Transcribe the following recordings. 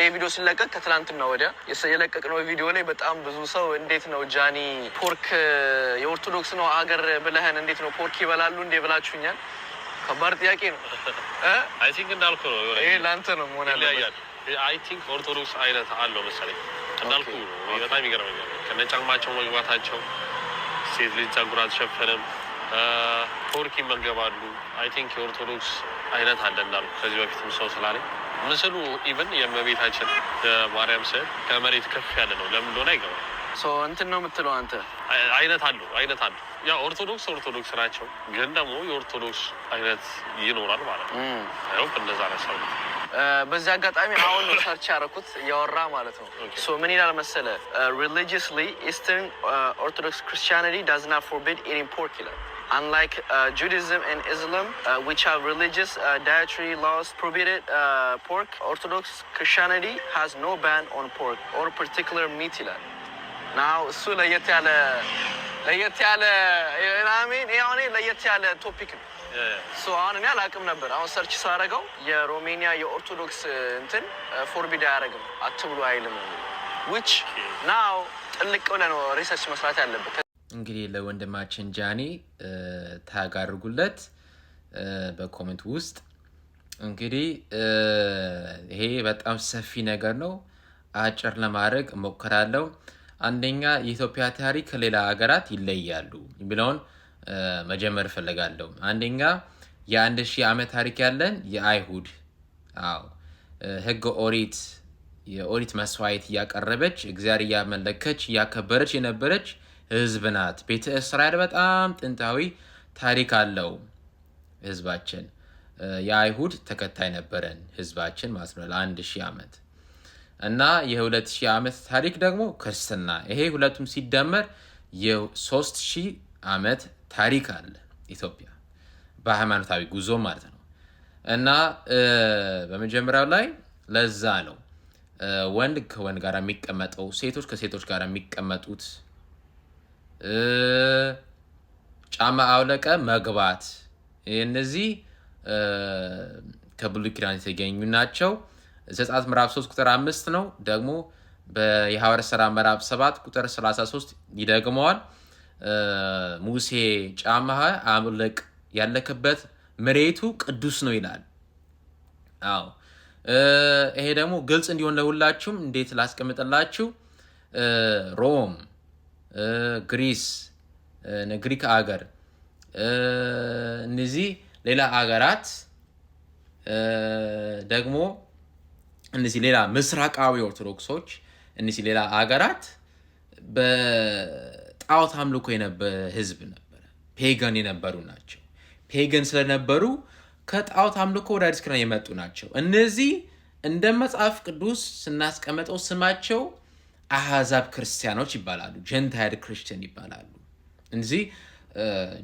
ይህ ቪዲዮ ሲለቀቅ ከትላንትና ወዲያ የለቀቅነው ቪዲዮ ላይ በጣም ብዙ ሰው እንዴት ነው ጃኒ ፖርክ የኦርቶዶክስ ነው አገር ብለህን እንዴት ነው ፖርክ ይበላሉ እንዴ ብላችሁኛል። ከባድ ጥያቄ ነው። አይ ቲንክ እንዳልኩ ነው። ይሄ ለአንተ ነው መሆን ያለበት። አይ ቲንክ ኦርቶዶክስ አይነት አለው መሰለኝ። እንዳልኩ በጣም ይገርመኛል። ከነጫማቸው መግባታቸው ሴት ልጅ ጸጉር አልሸፈንም ፖርክ ይመገባሉ። አይ ቲንክ የኦርቶዶክስ አይነት አለ እንዳልኩ ከዚህ በፊትም ሰው ስላለኝ ምስሉ ኢቨን የእመቤታችን ማርያም ስዕል ከመሬት ከፍ ያለ ነው። ለምን እንደሆነ አይገባም። እንትን ነው የምትለው አንተ። አይነት አሉ አይነት አሉ። ያ ኦርቶዶክስ ኦርቶዶክስ ናቸው፣ ግን ደግሞ የኦርቶዶክስ አይነት ይኖራል ማለት ነው። እንደዛ ነው። በዚህ አጋጣሚ አሁን ነው ሰርች ያደረኩት እያወራ ማለት ነው። ሶ ምን ይላል መሰለ ሪሊጂየስሊ ኢስተርን ኦርቶዶክስ ክርስቲያኒቲ ዳዝ ናት ፎርቢድ ኢቲንግ ፖርክ ይላል unlike Judaism and Islam, which have religious dietary laws prohibited pork, Orthodox Christianity has no ban on pork or particular meat. Now, Sula Yatala. ለየት ያለ ሜን ያኔ ለየት ያለ ቶፒክ ነው። አሁን እኔ አላቅም ነበር። አሁን ሰርች ሳረገው የሮሜኒያ የኦርቶዶክስ እንትን ፎርቢድ አያደርግም አትብሎ አይልም። ዊች ናው ጥልቅ ብለ ነው ሪሰርች መስራት ያለበት። እንግዲህ ለወንድማችን ጃኒ ታጋርጉለት በኮሜንት ውስጥ እንግዲህ ይሄ በጣም ሰፊ ነገር ነው። አጭር ለማድረግ እሞክራለሁ። አንደኛ የኢትዮጵያ ታሪክ ከሌላ ሀገራት ይለያሉ ብለውን መጀመር እፈልጋለሁ። አንደኛ የአንድ ሺህ ዓመት ታሪክ ያለን የአይሁድ አዎ ህገ ኦሪት የኦሪት መስዋዕት እያቀረበች እግዚአብሔር እያመለከች እያከበረች የነበረች ህዝብ ናት። ቤተ እስራኤል በጣም ጥንታዊ ታሪክ አለው። ህዝባችን የአይሁድ ተከታይ ነበረን። ህዝባችን ማለት ነው ለአንድ ሺህ ዓመት እና የሁለት ሺህ ዓመት ታሪክ ደግሞ ክርስትና። ይሄ ሁለቱም ሲደመር የሶስት ሺህ ዓመት ታሪክ አለ ኢትዮጵያ በሃይማኖታዊ ጉዞ ማለት ነው። እና በመጀመሪያው ላይ ለዛ ነው ወንድ ከወንድ ጋር የሚቀመጠው፣ ሴቶች ከሴቶች ጋር የሚቀመጡት፣ ጫማ አውለቀ መግባት፣ እነዚህ ከብሉይ ኪዳን የተገኙ ናቸው። ዘጸአት ምዕራፍ 3 ቁጥር 5 ነው። ደግሞ የሐዋርያት ሥራ ምዕራፍ 7 ቁጥር 33 ይደግመዋል። ሙሴ ጫማህ አምልቅ ያለክበት መሬቱ ቅዱስ ነው ይላል። አዎ ይሄ ደግሞ ግልጽ እንዲሆን ለሁላችሁም እንዴት ላስቀምጥላችሁ፣ ሮም፣ ግሪስ፣ ግሪክ አገር እነዚህ ሌላ አገራት ደግሞ እነዚህ ሌላ ምስራቃዊ ኦርቶዶክሶች እነዚህ ሌላ አገራት በጣዖት አምልኮ የነበረ ህዝብ ነበረ። ፔገን የነበሩ ናቸው። ፔገን ስለነበሩ ከጣዖት አምልኮ ወደ አዲስ ኪዳን የመጡ ናቸው። እነዚህ እንደ መጽሐፍ ቅዱስ ስናስቀምጠው ስማቸው አህዛብ ክርስቲያኖች ይባላሉ። ጀንታይል ክርስቲያን ይባላሉ። እነዚህ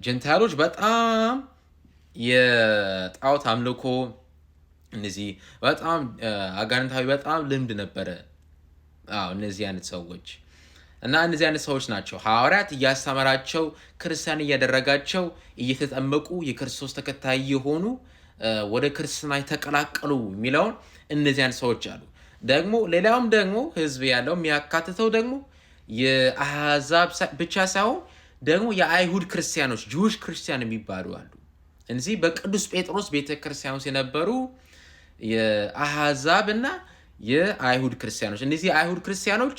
ጀንታይሎች በጣም የጣዖት አምልኮ እነዚህ በጣም አጋንንታዊ በጣም ልምድ ነበረ። አዎ እነዚህ አይነት ሰዎች እና እነዚህ አይነት ሰዎች ናቸው ሐዋርያት እያስተማራቸው ክርስቲያን እያደረጋቸው እየተጠመቁ የክርስቶስ ተከታይ የሆኑ ወደ ክርስትና የተቀላቀሉ የሚለውን እነዚህ አይነት ሰዎች አሉ። ደግሞ ሌላውም ደግሞ ህዝብ ያለው የሚያካትተው ደግሞ የአሕዛብ ብቻ ሳይሆን ደግሞ የአይሁድ ክርስቲያኖች ጅዊሽ ክርስቲያን የሚባሉ አሉ። እነዚህ በቅዱስ ጴጥሮስ ቤተ ውስጥ የነበሩ የአሕዛብ እና የአይሁድ ክርስቲያኖች እነዚህ የአይሁድ ክርስቲያኖች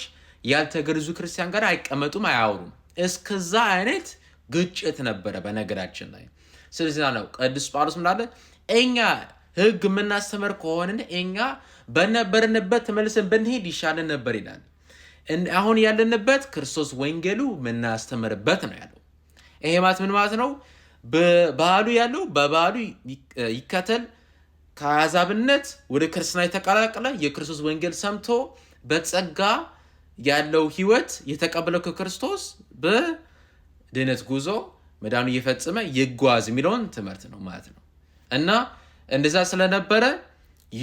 ያልተገረዙ ክርስቲያን ጋር አይቀመጡም፣ አያወሩም። እስከዛ አይነት ግጭት ነበረ በነገራችን ላይ። ስለዚህ ነው ቅዱስ ጳውሎስ እንዳለ እኛ ህግ የምናስተምር ከሆንን እኛ በነበርንበት ተመልሰን ብንሄድ ይሻለን ነበር ይላል። አሁን ያለንበት ክርስቶስ ወንጌሉ የምናስተምርበት ነው ያለው። ይሄ ማለት ምን ማለት ነው? በባህሉ ያለው በባህሉ ይከተል ከአሕዛብነት ወደ ክርስትና የተቀላቀለ የክርስቶስ ወንጌል ሰምቶ በጸጋ ያለው ህይወት የተቀበለው ከክርስቶስ በድህነት ጉዞ መዳኑ እየፈጸመ ይጓዝ የሚለውን ትምህርት ነው ማለት ነው። እና እንደዛ ስለነበረ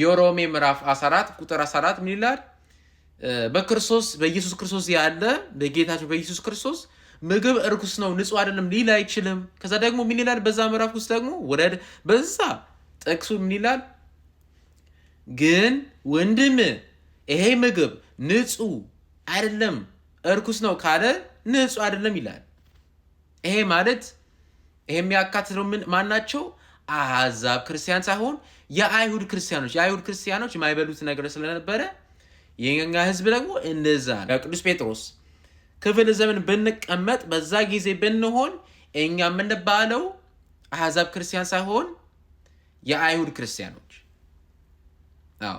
የሮሜ ምዕራፍ 14 ቁጥር 14 ምን ይላል? በክርስቶስ በኢየሱስ ክርስቶስ ያለ በጌታችን በኢየሱስ ክርስቶስ ምግብ እርኩስ ነው፣ ንጹህ አይደለም ሊል አይችልም። ከዛ ደግሞ ምን ይላል? በዛ ምዕራፍ ውስጥ ደግሞ ወደ በዛ ጥቅሱ ምን ይላል? ግን ወንድም ይሄ ምግብ ንጹህ አይደለም እርኩስ ነው ካለ ንጹህ አይደለም ይላል። ይሄ ማለት ይሄ የሚያካትተው ምን ማናቸው? አሕዛብ ክርስቲያን ሳይሆን የአይሁድ ክርስቲያኖች። የአይሁድ ክርስቲያኖች የማይበሉት ነገር ስለነበረ የኛ ህዝብ ደግሞ እንደዛ ነው። ቅዱስ ጴጥሮስ ክፍለ ዘመን ብንቀመጥ በዛ ጊዜ ብንሆን እኛ የምንባለው አሕዛብ ክርስቲያን ሳይሆን የአይሁድ ክርስቲያኖች። አዎ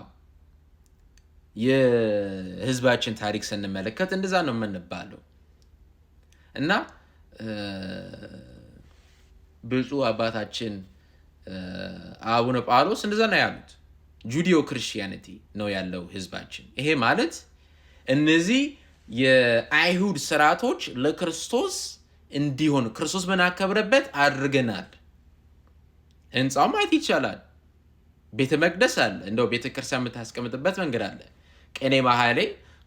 የህዝባችን ታሪክ ስንመለከት እንደዛ ነው የምንባለው እና ብፁዕ አባታችን አቡነ ጳውሎስ እንደዛ ነው ያሉት። ጁዲዮ ክርስቲያኒቲ ነው ያለው ህዝባችን። ይሄ ማለት እነዚህ የአይሁድ ስርዓቶች ለክርስቶስ እንዲሆን ክርስቶስ በናከብረበት አድርገናል ህንፃው ማየት ይቻላል። ቤተ መቅደስ አለ። እንደው ቤተ ክርስቲያን የምታስቀምጥበት መንገድ አለ። ቅኔ ማህሌ፣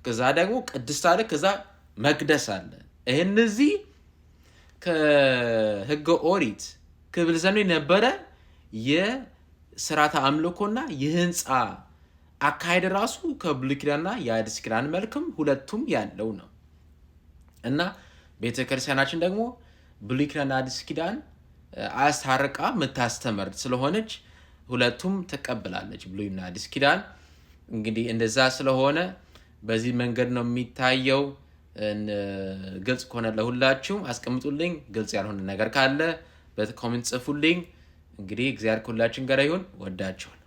ከዛ ደግሞ ቅድስት አለ፣ ከዛ መቅደስ አለ። ይህ እነዚህ ከህገ ኦሪት ክብል ዘመን የነበረ የስርዓተ አምልኮና የህንፃ አካሄድ ራሱ ከብሉይ ኪዳንና የአዲስ ኪዳን መልክም ሁለቱም ያለው ነው እና ቤተክርስቲያናችን ደግሞ ብሉይ ኪዳንና አዲስ ኪዳን አስታርቃ የምታስተምር ስለሆነች ሁለቱም ትቀብላለች። ብሉይና አዲስ ኪዳን እንግዲህ እንደዛ ስለሆነ በዚህ መንገድ ነው የሚታየው። ግልጽ ከሆነ ለሁላችሁም አስቀምጡልኝ። ግልጽ ያልሆነ ነገር ካለ በኮሜንት ጽፉልኝ። እንግዲህ እግዚአብሔር ከሁላችን ጋር ይሁን። ወዳችኋል።